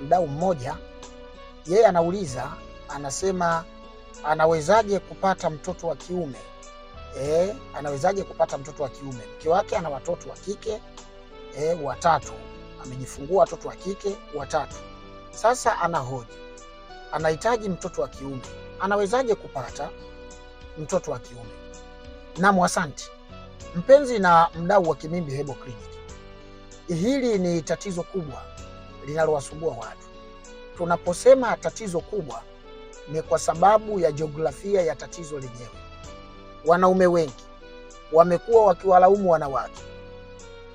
mdau mmoja, yeye anauliza anasema, anawezaje kupata mtoto wa kiume e, anawezaje kupata mtoto wa kiume? Mke wake ana watoto wa kike e, watatu, amejifungua watoto wa kike watatu. Sasa anahoji anahitaji mtoto wa kiume, anawezaje kupata mtoto wa kiume? Naam, asante mpenzi na mdau wa Kimimbi Hebo Clinic. Hili ni tatizo kubwa linalowasumbua watu. Tunaposema tatizo kubwa, ni kwa sababu ya jiografia ya tatizo lenyewe. Wanaume wengi wamekuwa wakiwalaumu wanawake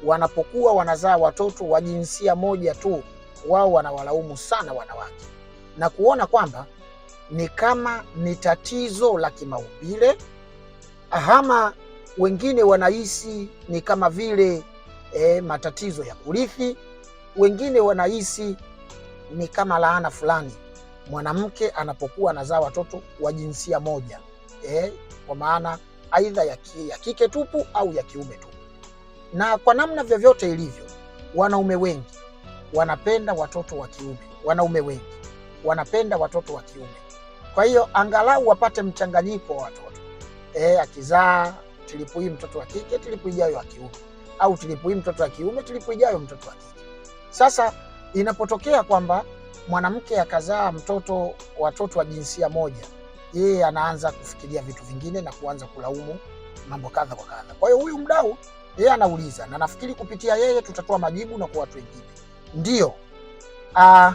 wanapokuwa wanazaa watoto wa jinsia moja tu, wao wanawalaumu sana wanawake na kuona kwamba ni kama ni tatizo la kimaumbile ahama. Wengine wanahisi ni kama vile eh, matatizo ya kurithi wengine wanahisi ni kama laana fulani mwanamke anapokuwa anazaa watoto wa jinsia moja eh, kwa maana aidha ya, ki, ya kike tupu au ya kiume tupu. Na kwa namna vyovyote ilivyo, wanaume wengi wanapenda watoto wa kiume, wanaume wengi wanapenda watoto wa kiume. Kwa hiyo angalau wapate mchanganyiko wa watoto eh, akizaa tilipu hii mtoto wa kike, tilipu ijayo wa kiume, au tilipu hii mtoto wa kiume, tilipu ijayo mtoto wa kike sasa inapotokea kwamba mwanamke akazaa mtoto watoto wa jinsia moja, yeye anaanza kufikiria vitu vingine na kuanza kulaumu mambo kadha kwa kadha. Kwa hiyo huyu mdau yeye anauliza, na nafikiri kupitia yeye tutatoa majibu na kwa watu wengine. Ndiyo, ah,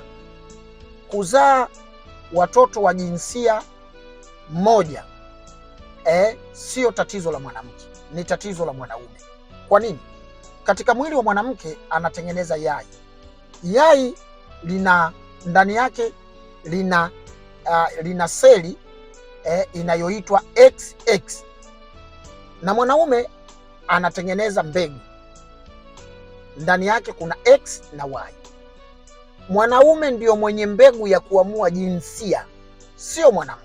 kuzaa watoto wa jinsia moja e, sio tatizo la mwanamke, ni tatizo la mwanaume. Kwa nini? Katika mwili wa mwanamke anatengeneza yai Yai lina ndani yake lina uh, lina seli eh, inayoitwa XX na mwanaume anatengeneza mbegu ndani yake kuna X na Y. Mwanaume ndiyo mwenye mbegu ya kuamua jinsia, sio mwanamke.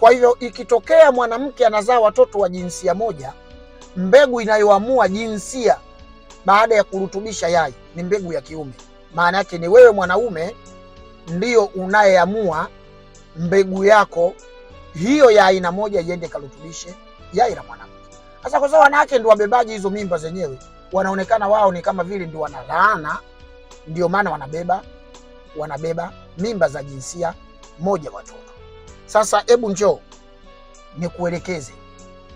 Kwa hivyo ikitokea mwanamke anazaa watoto wa jinsia moja, mbegu inayoamua jinsia baada ya kurutubisha yai ni mbegu ya kiume. Maana yake ni wewe mwanaume ndiyo unayeamua mbegu yako hiyo ya aina moja iende karutubishe yai la mwanamke. Sasa kwa sababu wanawake ndio wabebaji hizo mimba zenyewe, wanaonekana wao ni kama vile ndio wanalaana, ndio maana wanabeba wanabeba mimba za jinsia moja watoto. Sasa hebu njoo nikuelekeze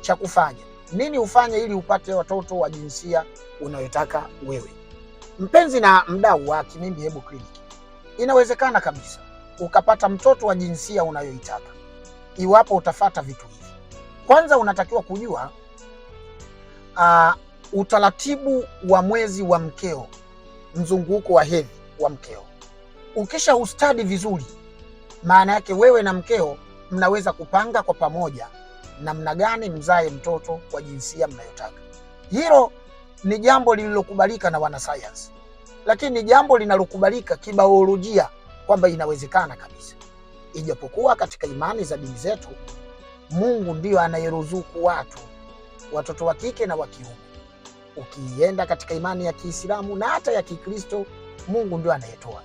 cha kufanya nini, ufanye ili upate watoto wa jinsia unayotaka wewe. Mpenzi na mdau wa Kimimbi Herbal Clinic, inawezekana kabisa ukapata mtoto wa jinsia unayoitaka iwapo utafata vitu hivi. Kwanza unatakiwa kujua uh, utaratibu wa mwezi wa mkeo, mzunguko wa hedhi wa mkeo. Ukisha ustadi vizuri, maana yake wewe na mkeo mnaweza kupanga kwa pamoja namna gani mzae mtoto wa jinsia mnayotaka. Hilo ni jambo lililokubalika na wanasayansi, lakini ni jambo linalokubalika kibaolojia kwamba inawezekana kabisa, ijapokuwa katika imani za dini zetu Mungu ndiyo anayeruzuku watu watoto wa kike na wa kiume. Ukiienda katika imani ya Kiislamu na hata ya Kikristo, Mungu ndio anayetoa,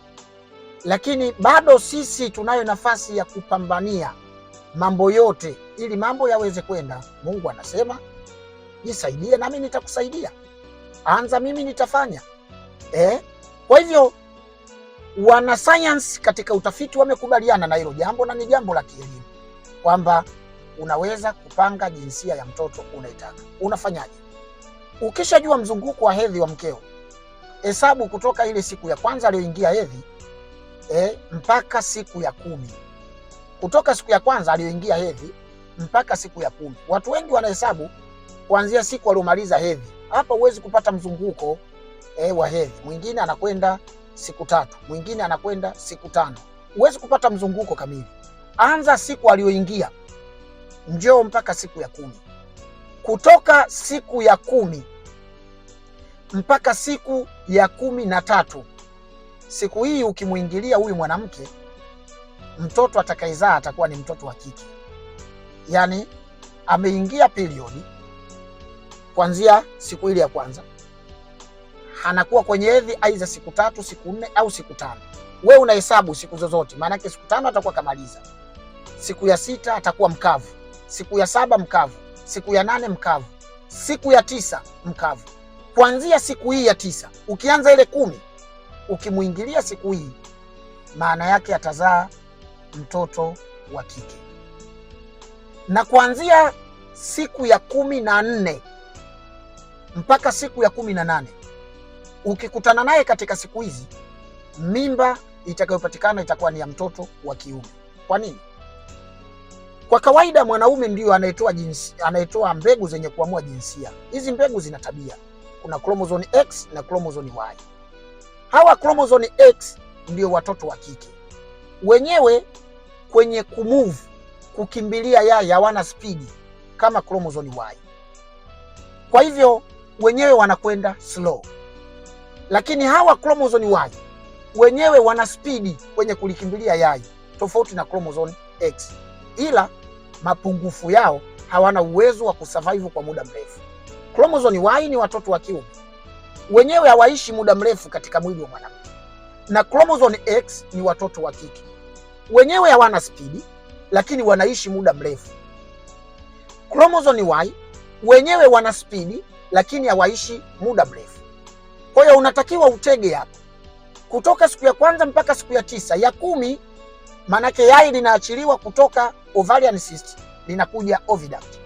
lakini bado sisi tunayo nafasi ya kupambania mambo yote ili mambo yaweze kwenda. Mungu anasema nisaidie, nami nitakusaidia anza mimi nitafanya eh? Kwa hivyo wanasayansi katika utafiti wamekubaliana na hilo jambo na ni jambo la kielimu kwamba unaweza kupanga jinsia ya mtoto unaitaka. Unafanyaje? Ukishajua mzunguko wa hedhi wa mkeo, hesabu kutoka ile siku ya kwanza aliyoingia hedhi eh, mpaka siku ya kumi, kutoka siku ya kwanza aliyoingia hedhi mpaka siku ya kumi. Watu wengi wanahesabu kuanzia siku aliyomaliza hedhi hapa huwezi kupata mzunguko eh, wa hedhi. Mwingine anakwenda siku tatu, mwingine anakwenda siku tano. Huwezi kupata mzunguko kamili. Anza siku aliyoingia, njoo mpaka siku ya kumi. Kutoka siku ya kumi mpaka siku ya kumi na tatu, siku hii ukimwingilia huyu mwanamke, mtoto atakayezaa atakuwa ni mtoto wa kike, yaani ameingia periodi kuanzia siku ile ya kwanza. Anakuwa kwenye hedhi aidha siku tatu, siku nne au siku tano. We unahesabu siku zozote, maanake siku tano atakuwa kamaliza, siku ya sita atakuwa mkavu, siku ya saba mkavu, siku ya nane mkavu, siku ya tisa mkavu. Kuanzia siku hii ya tisa ukianza ile kumi, ukimuingilia siku hii, maana yake atazaa mtoto wa kike, na kuanzia siku ya kumi na nne mpaka siku ya kumi na nane. Ukikutana naye katika siku hizi, mimba itakayopatikana itakuwa ni ya mtoto wa kiume. Kwa nini? Kwa kawaida mwanaume ndiyo anayetoa jinsi, anayetoa mbegu zenye kuamua jinsia. Hizi mbegu zina tabia, kuna chromosome X na chromosome Y. Hawa chromosome X ndio watoto wa kike wenyewe, kwenye kumove kukimbilia yai hawana spidi kama chromosome Y. Kwa hivyo wenyewe wanakwenda slow, lakini hawa chromosome Y wenyewe wana spidi kwenye kulikimbilia yai tofauti na chromosome X, ila mapungufu yao hawana uwezo wa kusurvive kwa muda mrefu. Chromosome Y ni watoto wa kiume, wenyewe hawaishi muda mrefu katika mwili wa mwanamke, na chromosome X ni watoto wa kike, wenyewe hawana spidi, lakini wanaishi muda mrefu. Chromosome Y wenyewe wana spidi lakini hawaishi muda mrefu. Kwa hiyo unatakiwa utege hapo kutoka siku ya kwanza mpaka siku ya tisa. Ya kumi maanake yai linaachiliwa kutoka ovarian cyst linakuja oviduct.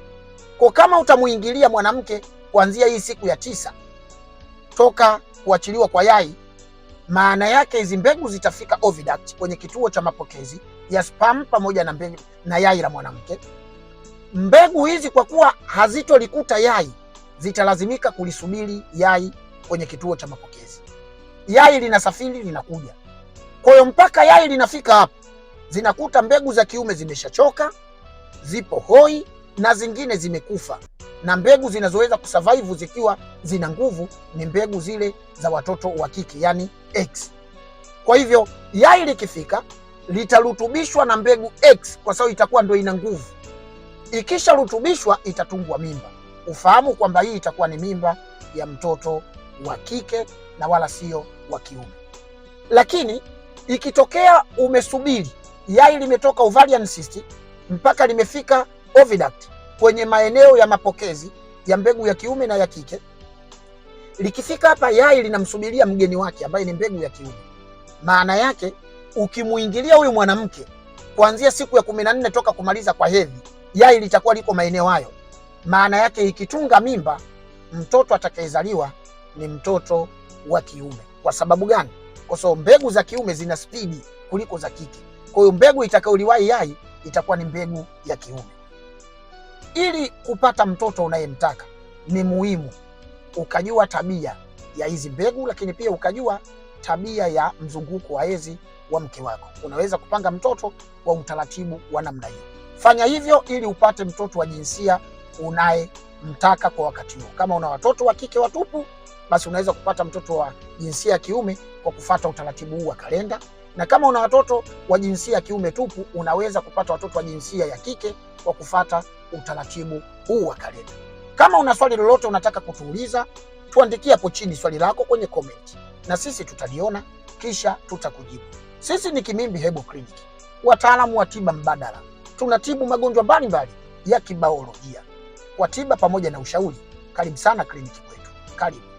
Kwa kama utamuingilia mwanamke kuanzia hii siku ya tisa toka kuachiliwa kwa yai, maana yake hizi mbegu zitafika oviduct kwenye kituo cha mapokezi ya sperm pamoja na mbegu na yai la mwanamke. Mbegu hizi kwa kuwa hazitolikuta yai zitalazimika kulisubiri yai kwenye kituo cha mapokezi. Yai linasafiri linakuja, kwa hiyo mpaka yai linafika hapo, zinakuta mbegu za kiume zimeshachoka, zipo hoi na zingine zimekufa, na mbegu zinazoweza kusurvive zikiwa zina nguvu ni mbegu zile za watoto wa kike, yani X. Kwa hivyo yai likifika litarutubishwa na mbegu X kwa sababu itakuwa ndio ina nguvu. Ikisharutubishwa itatungwa mimba ufahamu kwamba hii itakuwa ni mimba ya mtoto wa kike na wala sio wa kiume. Lakini ikitokea umesubiri yai limetoka ovarian cyst mpaka limefika oviduct kwenye maeneo ya mapokezi ya mbegu ya kiume na ya kike, likifika hapa yai linamsubiria mgeni wake ambaye ni mbegu ya kiume. Maana yake ukimuingilia huyu mwanamke kuanzia siku ya kumi na nne toka kumaliza kwa hedhi, yai litakuwa liko maeneo hayo. Maana yake ikitunga mimba, mtoto atakayezaliwa ni mtoto wa kiume. Kwa sababu gani? Kwa sababu mbegu za kiume zina spidi kuliko za kike. Kwa hiyo mbegu itakayoliwahi yai itakuwa ni mbegu ya kiume. Ili kupata mtoto unayemtaka, ni muhimu ukajua tabia ya hizi mbegu, lakini pia ukajua tabia ya mzunguko wa hedhi wa mke wako. Unaweza kupanga mtoto kwa utaratibu wa namna hiyo. Fanya hivyo ili upate mtoto wa jinsia unayemtaka kwa wakati huo. Kama una watoto wa kike watupu, basi unaweza kupata mtoto wa jinsia ya kiume kwa kufata utaratibu huu wa kalenda, na kama una watoto wa jinsia ya kiume tupu, unaweza kupata watoto wa jinsia ya kike kwa kufata utaratibu huu wa kalenda. Kama una swali lolote unataka kutuuliza, tuandikie hapo chini swali lako kwenye comment, na sisi tutaliona kisha tutakujibu. Sisi ni Kimimbi Hebo Clinic, wataalamu wa tiba mbadala. Tunatibu magonjwa mbalimbali ya kibaolojia kwa tiba pamoja na ushauri. Karibu sana kliniki kwetu, karibu.